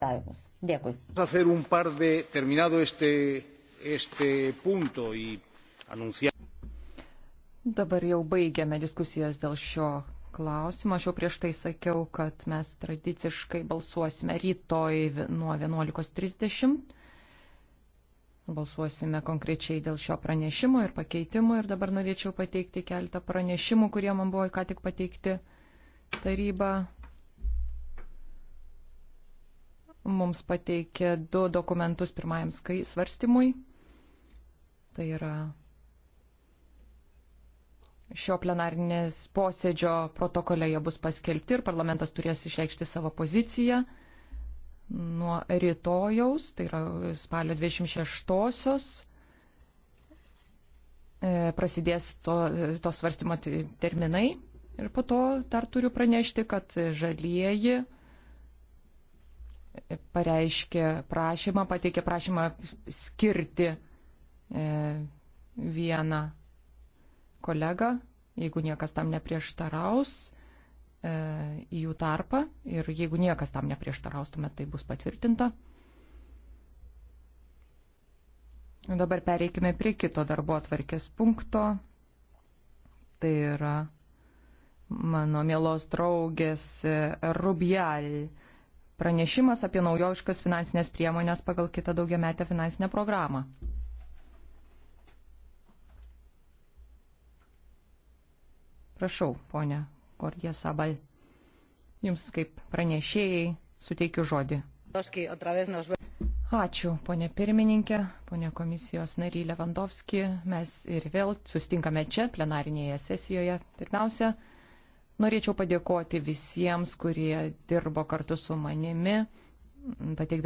balsavimus. Dėkui. Dabar jau baigiame diskusijas dėl šio klausimo. Aš jau prieš tai sakiau, kad mes tradiciškai balsuosime rytoj nuo 11.30. Balsuosime konkrečiai dėl šio pranešimo ir pakeitimo ir dabar norėčiau pateikti keletą pranešimų, kurie man buvo ką tik pateikti taryba mums pateikė du dokumentus pirmajam svarstymui. Tai yra šio plenarinės posėdžio protokole jie bus paskelbti ir parlamentas turės išreikšti savo poziciją nuo rytojaus, tai yra spalio 26-osios. E, prasidės to, to svarstymo terminai ir po to dar turiu pranešti, kad žalieji pareiškė prašymą, pateikė prašymą skirti e, vieną kolegą, jeigu niekas tam neprieštaraus, e, į jų tarpą ir jeigu niekas tam neprieštaraus, tuomet tai bus patvirtinta. Dabar pereikime prie kito darbo atvarkės punkto. Tai yra mano mielos draugės Rubial pranešimas apie naujoviškas finansinės priemonės pagal kitą daugiametę finansinę programą. Prašau, ponia Kortė Sabal, jums kaip pranešėjai suteikiu žodį. Ačiū, ponė pirmininkė, ponė komisijos nary Levandovski. Mes ir vėl sustinkame čia, plenarinėje sesijoje. Pirmiausia, Norėčiau padėkoti visiems, kurie dirbo kartu su manimi, pateikdami.